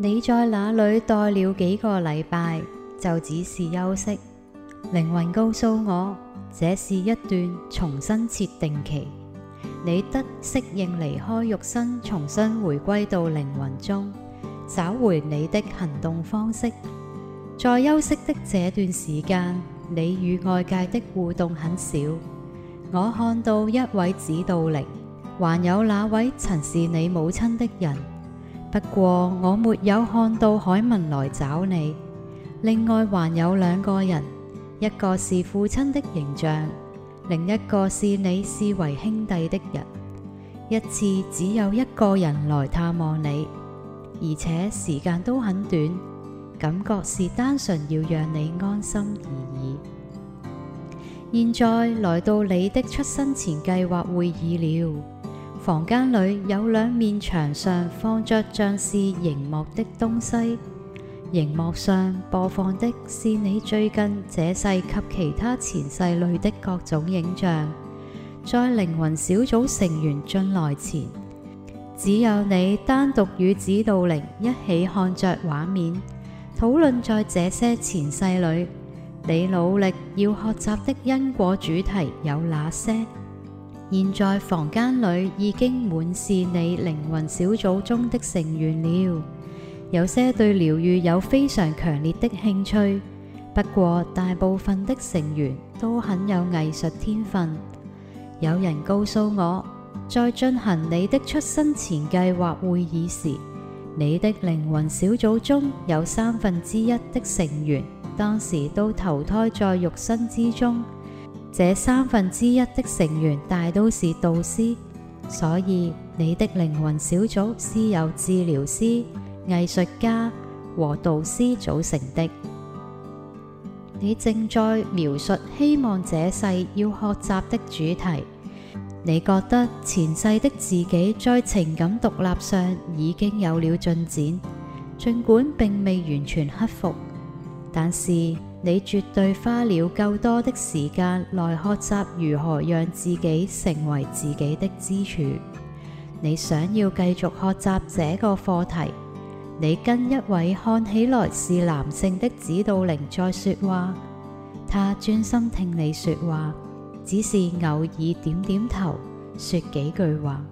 你在哪裏待了幾個禮拜？就只是休息。靈魂告訴我，這是一段重新設定期。你得適應離開肉身，重新回歸到靈魂中，找回你的行動方式。在休息的這段時間，你與外界的互動很少。我看到一位指導靈，還有那位曾是你母親的人。不過我沒有看到海文來找你。另外還有兩個人，一個是父親的形象，另一個是你視為兄弟的人。一次只有一個人來探望你，而且時間都很短，感覺是單純要讓你安心而已。現在來到你的出生前計劃會議了。房間裏有兩面牆上放着像是熒幕的東西，熒幕上播放的是你最近這世及其他前世裏的各種影像。在靈魂小組成員進來前，只有你單獨與指導靈一起看着畫面，討論在這些前世裏你努力要學習的因果主題有哪些。現在房間裏已經滿是你靈魂小組中的成員了，有些對療癒有非常強烈的興趣。不過，大部分的成員都很有藝術天分。有人告訴我，在進行你的出生前計劃會議時，你的靈魂小組中有三分之一的成員當時都投胎在肉身之中。這三分之一的成員大都是導師，所以你的靈魂小組是由治療師、藝術家和導師組成的。你正在描述希望這世要學習的主題。你覺得前世的自己在情感獨立上已經有了進展，儘管並未完全克服，但是。你絕對花了夠多的時間來學習如何讓自己成為自己的支柱。你想要繼續學習這個課題，你跟一位看起來是男性的指導靈在說話，他專心聽你說話，只是偶爾點點頭，說幾句話。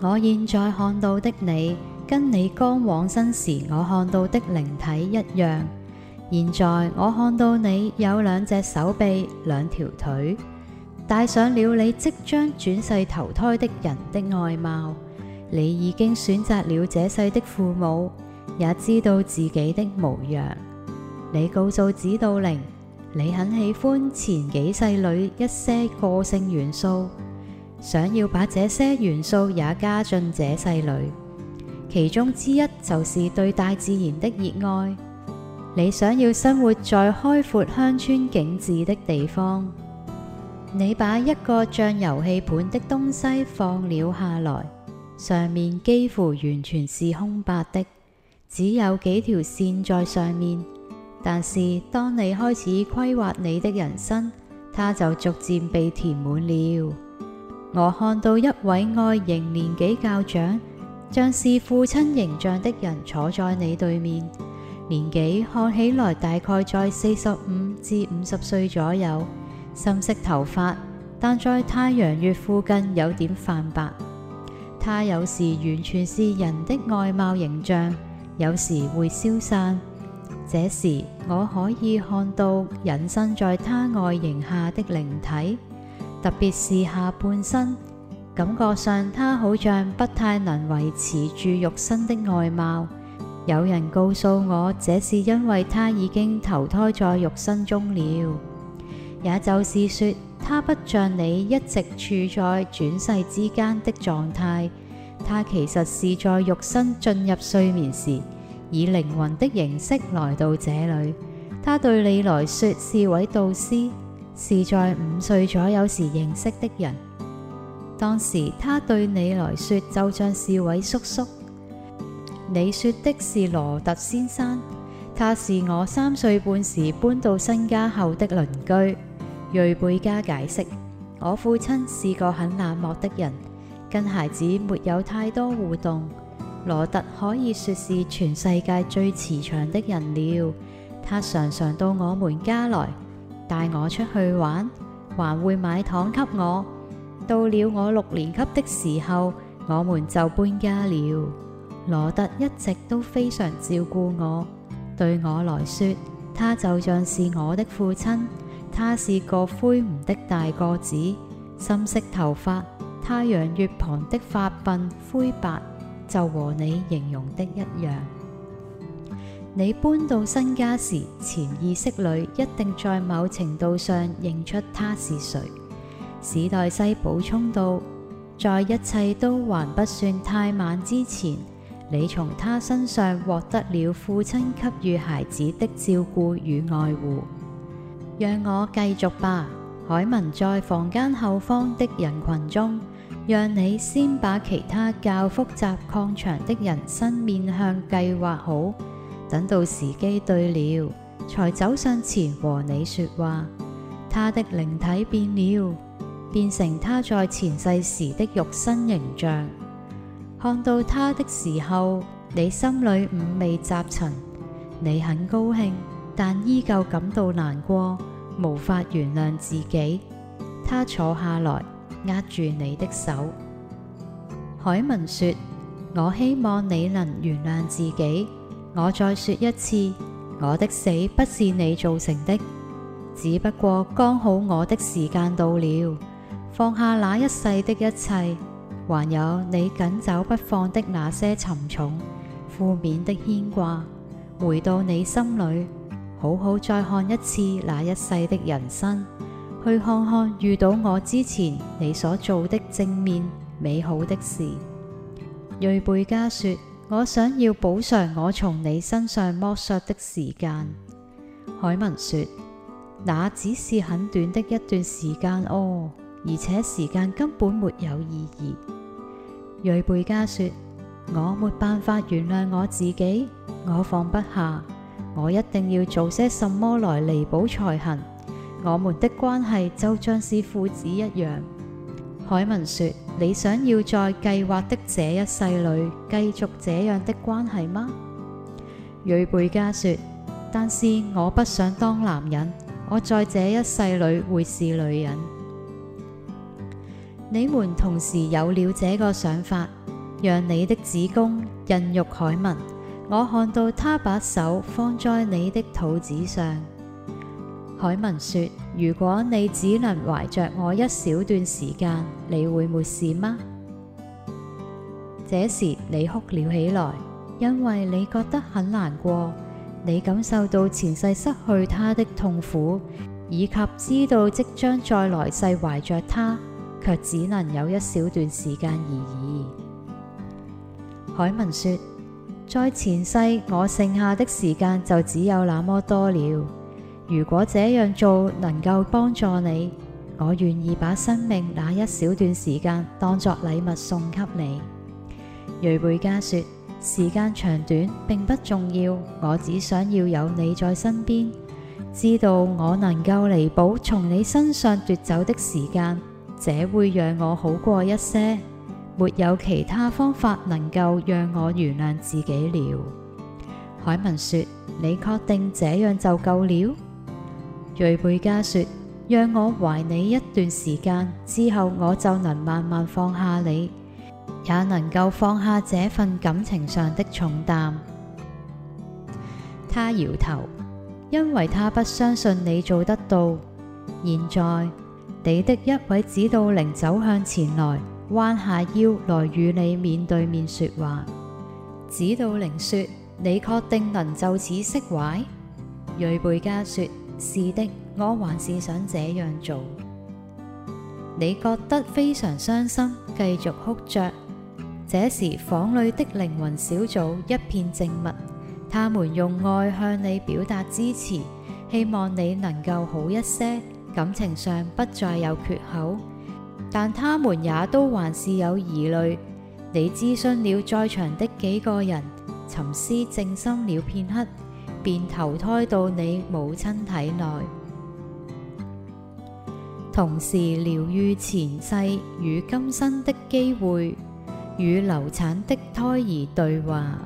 我現在看到的你，跟你剛往生時我看到的靈體一樣。現在我看到你有兩隻手臂，兩條腿，戴上了你即將轉世投胎的人的外貌。你已經選擇了這世的父母，也知道自己的模樣。你告訴指導靈，你很喜歡前幾世裏一些個性元素，想要把這些元素也加進這世裏。其中之一就是對大自然的熱愛。你想要生活在開闊鄉村景致的地方？你把一個像遊戲盤的東西放了下來，上面幾乎完全是空白的，只有幾條線在上面。但是當你開始規劃你的人生，它就逐漸被填滿了。我看到一位外形年紀較長、像是父親形象的人坐在你對面。年紀看起來大概在四十五至五十歲左右，深色頭髮，但在太陽穴附近有點泛白。他有時完全是人的外貌形象，有時會消散。這時我可以看到隱身在他外形下的靈體，特別是下半身，感覺上他好像不太能維持住肉身的外貌。有人告訴我，這是因為他已經投胎在肉身中了，也就是說，他不像你一直處在轉世之間的狀態，他其實是在肉身進入睡眠時，以靈魂的形式來到這裡。他對你來說是位導師，是在五歲左右時認識的人，當時他對你來說就像是位叔叔。你說的是羅特先生，他是我三歲半時搬到新家後的鄰居。芮貝嘉解釋：我父親是個很冷漠的人，跟孩子沒有太多互動。羅特可以說是全世界最慈祥的人了。他常常到我們家來，帶我出去玩，還會買糖給我。到了我六年級的時候，我們就搬家了。羅特一直都非常照顧我，對我來說，他就像是我的父親。他是個魁梧的大個子，深色頭髮，太陽穴旁的髮鬢灰白，就和你形容的一樣。你搬到新家時，潛意識裏一定在某程度上認出他是誰。史黛西補充道，在一切都還不算太晚之前。你從他身上獲得了父親給予孩子的照顧與愛護，讓我繼續吧。海文在房間後方的人群中，讓你先把其他較複雜、曠長的人生面向計劃好，等到時機對了，才走上前和你說話。他的靈體變了，變成他在前世時的肉身形象。看到他的時候，你心裏五味雜陳，你很高興，但依舊感到難過，無法原諒自己。他坐下來，握住你的手。海文說：我希望你能原諒自己。我再說一次，我的死不是你造成的，只不過剛好我的時間到了，放下那一世的一切。還有你緊走不放的那些沉重、負面的牽掛，回到你心裏，好好再看一次那一世的人生，去看看遇到我之前你所做的正面美好的事。芮貝嘉說：我想要補償我從你身上剝削的時間。海文說：那只是很短的一段時間哦。而且時間根本沒有意義。芮貝嘉說，我沒辦法原諒我自己，我放不下，我一定要做些什麼來彌補才行。我們的關係就像是父子一樣。海文說，你想要在計劃的這一世裏繼續這樣的關係嗎？芮貝嘉說，但是我不想當男人，我在這一世裏會是女人。你們同時有了這個想法，讓你的子宮孕育海文。我看到他把手放在你的肚子上。海文說：如果你只能懷着我一小段時間，你會沒事嗎？這時你哭了起來，因為你覺得很難過，你感受到前世失去他的痛苦，以及知道即將再來世懷着他，卻只能有一小段時間而已。海文說：在前世我剩下的時間就只有那麼多了。如果這樣做能夠幫助你，我願意把生命那一小段時間當作禮物送給你。芮貝嘉說：時間長短並不重要，我只想要有你在身邊，知道我能夠彌補從你身上奪走的時間。這會讓我好過一些，沒有其他方法能夠讓我原諒自己了。海文說：「你確定這樣就夠了？芮貝嘉說：「讓我懷你一段時間之後，我就能慢慢放下你，也能夠放下這份感情上的重擔。他搖頭，因為他不相信你做得到。現在。你的一位指導靈走向前來，彎下腰來與你面對面說話。指導靈說：你確定能就此釋懷？芮貝嘉說：是的，我還是想這樣做。你覺得非常傷心，繼續哭着。這時房裏的靈魂小組一片靜默，他們用愛向你表達支持，希望你能夠好一些。感情上不再有缺口，但他們也都還是有疑慮。你諮詢了在場的幾個人，沉思靜心了片刻，便投胎到你母親體內，同時療癒前世與今生的機會，與流產的胎兒對話。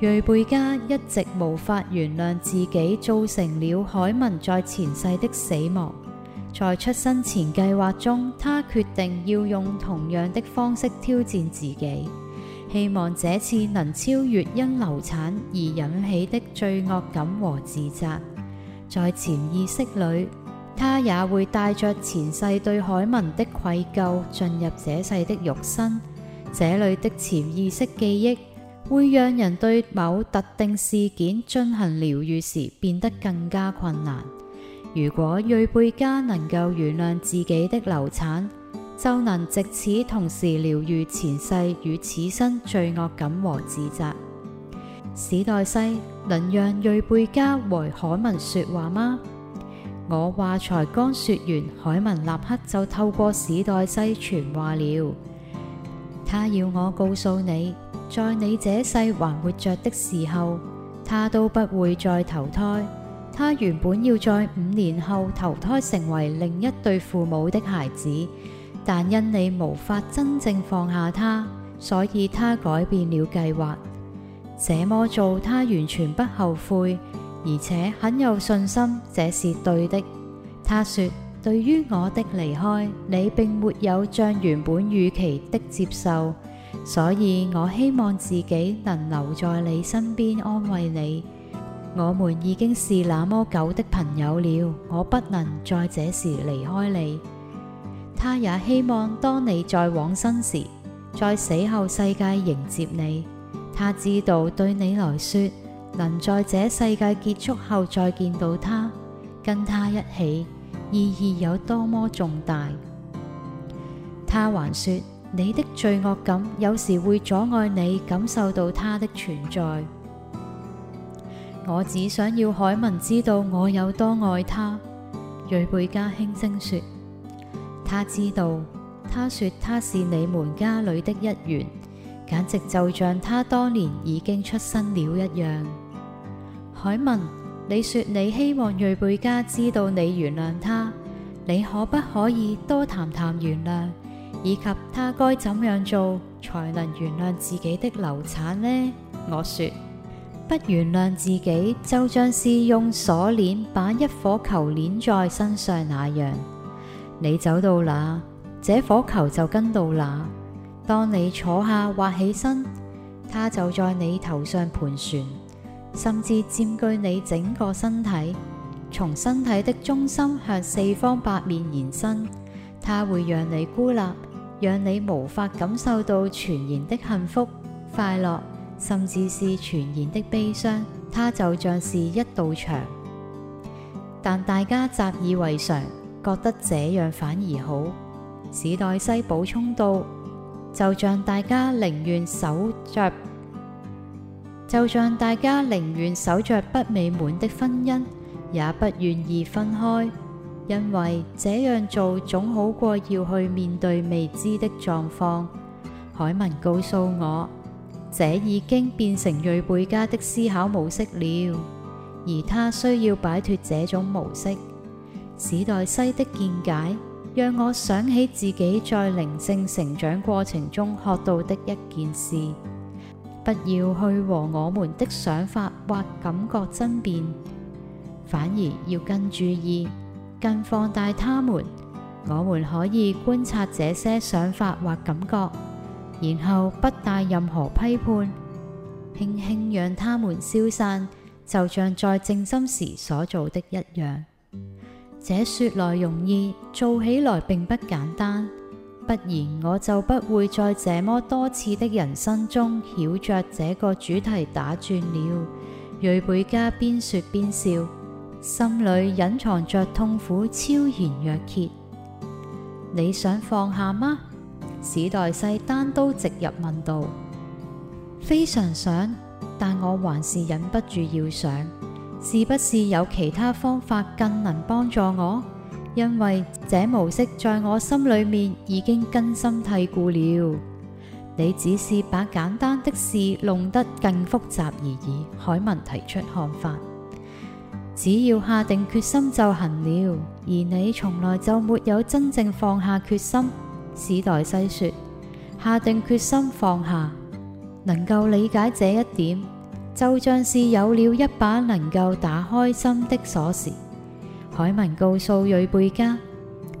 芮貝嘉一直無法原諒自己造成了海文在前世的死亡。在出生前計劃中，他決定要用同樣的方式挑戰自己，希望這次能超越因流產而引起的罪惡感和自責。在潛意識裏，他也會帶着前世對海文的愧疚進入這世的肉身。這裏的潛意識記憶。會讓人對某特定事件進行療愈時變得更加困難。如果芮貝嘉能夠原諒自己的流產，就能藉此同時療愈前世與此生罪惡感和自責。史黛西能讓芮貝嘉和海文說話嗎？我話才剛說完，海文立刻就透過史黛西傳話了。他要我告訴你。在你這世還活着的時候，他都不會再投胎。他原本要在五年後投胎成為另一對父母的孩子，但因你無法真正放下他，所以他改變了計劃。這麼做他完全不後悔，而且很有信心這是對的。他說：對於我的離開，你並沒有像原本預期的接受。所以我希望自己能留在你身邊安慰你。我們已經是那麼久的朋友了，我不能在這時離開你。他也希望當你再往生時，在死後世界迎接你。他知道對你來說，能在這世界結束後再見到他，跟他一起，意義有多麼重大。他還說。你的罪惡感有時會阻礙你感受到他的存在。我只想要海文知道我有多愛他。芮貝嘉輕聲說，他知道。他說他是你們家裏的一員，簡直就像他當年已經出生了一樣。海文，你說你希望芮貝嘉知道你原諒他，你可不可以多談談原諒？以及他該怎樣做才能原諒自己的流產呢？我說，不原諒自己，就像是用鎖鏈把一顆球鏈在身上那樣。你走到哪，這顆球就跟到哪。當你坐下或起身，它就在你頭上盤旋，甚至佔據你整個身體，從身體的中心向四方八面延伸。它會讓你孤立。讓你無法感受到全然的幸福、快樂，甚至是全然的悲傷。它就像是一道牆，但大家習以為常，覺得這樣反而好。史黛西補充道：就像大家寧願守着，就像大家寧願守着不美滿的婚姻，也不願意分開。因為這樣做總好過要去面對未知的狀況。海文告訴我，這已經變成芮貝嘉的思考模式了，而他需要擺脫這種模式。史黛西的見解讓我想起自己在靈性成長過程中學到的一件事：不要去和我們的想法或感覺爭辯，反而要更注意。更放大他們，我們可以觀察這些想法或感覺，然後不帶任何批判，輕輕讓他們消散，就像在靜心時所做的一樣。這說來容易，做起來並不簡單。不然我就不會在這麼多次的人生中繞着這個主題打轉了。芮貝嘉邊說邊笑。心裏隱藏着痛苦，超然若揭。你想放下嗎？史黛西單刀直入問道。非常想，但我還是忍不住要想，是不是有其他方法更能幫助我？因為這模式在我心裏面已經根深蒂固了。你只是把簡單的事弄得更複雜而已。海文提出看法。只要下定決心就行了，而你從來就沒有真正放下決心。史黛西說：下定決心放下，能夠理解這一點，就像是有了一把能夠打開心的鎖匙。海文告訴芮貝嘉：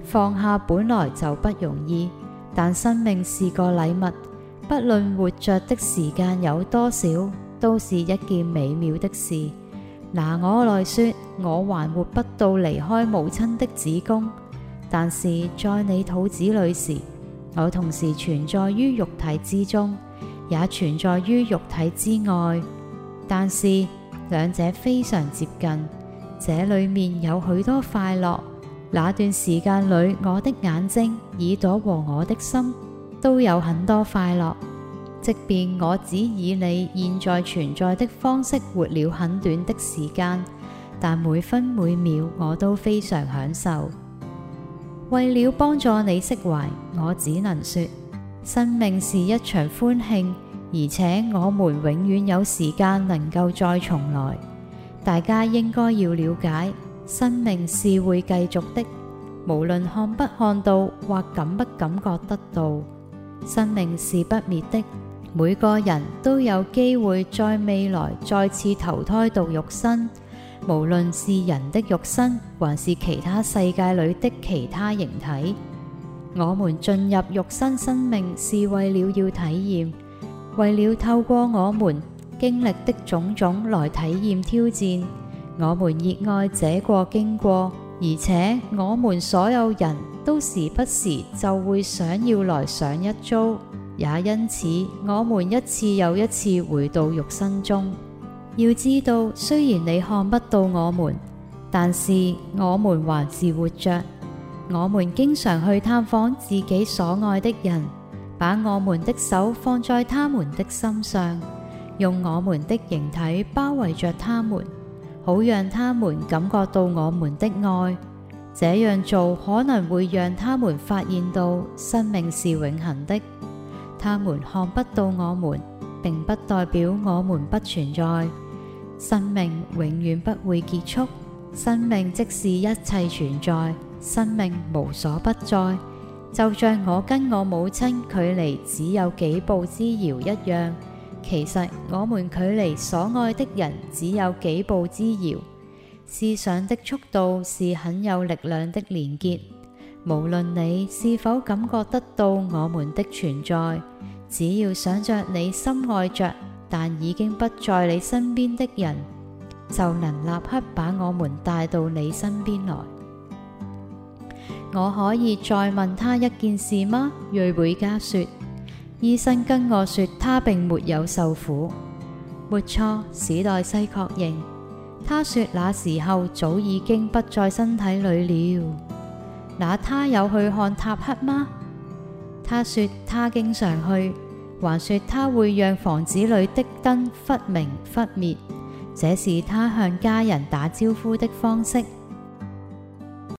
放下本來就不容易，但生命是個禮物，不論活着的時間有多少，都是一件美妙的事。拿我來說，我還活不到離開母親的子宮，但是在你肚子裏時，我同時存在於肉體之中，也存在於肉體之外，但是兩者非常接近，這裏面有許多快樂，那段時間裏，我的眼睛、耳朵和我的心都有很多快樂。即便我只以你現在存在的方式活了很短的時間，但每分每秒我都非常享受。為了幫助你釋懷，我只能說，生命是一場歡慶，而且我們永遠有時間能夠再重來。大家應該要了解，生命是會繼續的，無論看不看到或感不感覺得到，生命是不滅的。每個人都有機會在未來再次投胎到肉身，無論是人的肉身，還是其他世界裏的其他形體。我們進入肉身生命，是為了要體驗，為了透過我們經歷的種種來體驗挑戰。我們熱愛這個經過，而且我們所有人都時不時就會想要來上一遭。也因此，我們一次又一次回到肉身中。要知道，雖然你看不到我們，但是我們還是活着。我們經常去探訪自己所愛的人，把我們的手放在他們的心上，用我們的形體包圍着他們，好讓他們感覺到我們的愛。這樣做可能會讓他們發現到生命是永恒的。他們看不到我們，並不代表我們不存在。生命永遠不會結束，生命即是一切存在，生命無所不在，就像我跟我母親距離只有幾步之遙一樣。其實我們距離所愛的人只有幾步之遙。思想的速度是很有力量的連結，無論你是否感覺得到我們的存在。只要想着你深愛着但已經不在你身邊的人，就能立刻把我們帶到你身邊來。我可以再問他一件事嗎？芮貝嘉說，醫生跟我說他並沒有受苦。沒錯，史黛西確認。他說那時候早已經不在身體裏了。那他有去看塔克嗎？他說他經常去，還說他會讓房子裏的燈忽明忽滅，這是他向家人打招呼的方式。